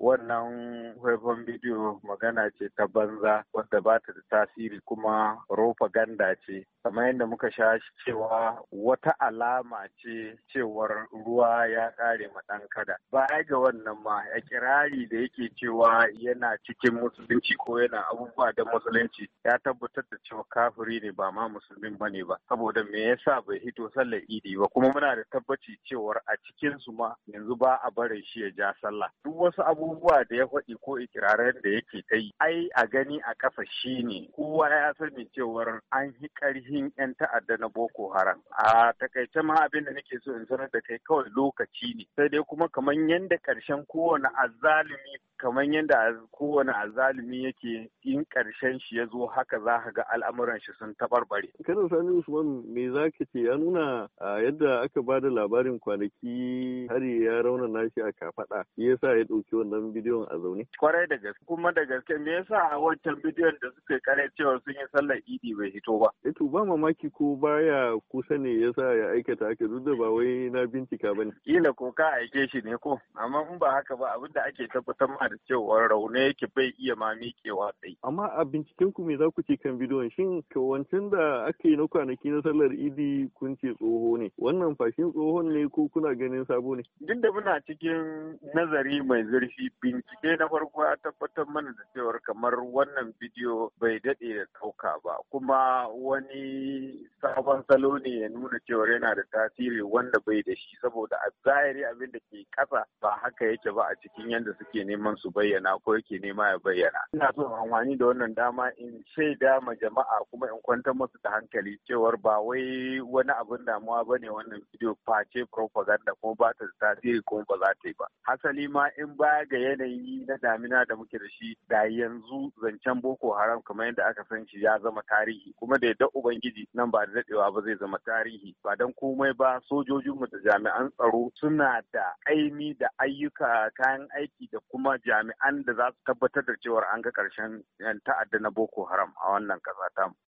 wannan faifan bidiyo magana ce ta banza wadda ba ta da tasiri kuma propaganda ce kamar yadda muka sha cewa wata alama ce cewar ruwa ya kare maɗan ɗan kada baya ga wannan ma ya kirari da yake cewa yana cikin musulunci ko yana abubuwa da musulunci ya tabbatar da cewa kafiri ne ba ma musulmin ba ne ba saboda me yasa bai hito sallar idi ba kuma muna da tabbaci cewar a cikin su ma yanzu ba a barin shi ya ja sallah duk wasu abubuwa abubuwa da ya faɗi ko ikirarin da yake ta yi ai a gani a ƙasa shi ne kowa ya sani cewar an yi ƙarhin 'yan ta'adda na boko haram a takaice ma abin da nake so in sanar da kai kawai lokaci ne sai dai kuma kamar yadda ƙarshen kowane azzalumi kamar yadda kowane azalumi yake in karshen shi ya zo haka za ka ga al'amuran shi sun taɓarɓare. Kada Sani Usman me za ka ce ya nuna yadda aka ba da labarin kwanaki hari ya rauna nashi a kafaɗa shi yasa ya ɗauki wannan bidiyon a zaune. Kwarai da gaske kuma da gaske me yasa a wancan bidiyon da suke kare cewa sun yi sallar idi bai hito ba. Eto eh ba mamaki ko baya kusa ne yasa ya aikata haka duk da ba wai na bincika ba ne. Kila ko ka aike shi ne ko amma in ba haka ba abin da ake tabbatar ma da cewa raune yake bai iya ma miƙewa tsaye. Amma a binciken ku me za ku ce kan bidiyon shin kawancin da aka yi na kwanaki na sallar idi kun ce tsoho ne wannan fashin tsohon ne ko kuna ganin sabo ne. Duk da muna cikin nazari mai zurfi bincike na farko ya tabbatar mana da cewar kamar wannan bidiyo bai daɗe da ɗauka ba kuma wani sabon salo ne ya nuna cewa yana da tasiri wanda bai da shi saboda a zahiri abin da ke kasa ba haka yake ba a cikin yadda suke neman su bayyana ko yake nema ya bayyana ina so amfani da wannan dama in shaida ma jama'a kuma in kwantar musu da hankali cewar ba wai wani abin damuwa ba ne wannan bidiyo face propaganda kuma ba ta da tasiri ko ba za ta yi ba hasali ma in ba ga yanayi na damina da muke da shi da yanzu zancen boko haram kamar yadda aka san shi ya zama tarihi kuma da yadda ubangiji nan ba da daɗewa ba zai zama tarihi ba don komai ba sojojinmu da jami'an tsaro suna da aini da ayyuka kayan aiki da kuma jami'an da za su tabbatar da cewar an ga ƙarshen ta'adda na boko haram a wannan ƙasa tamu.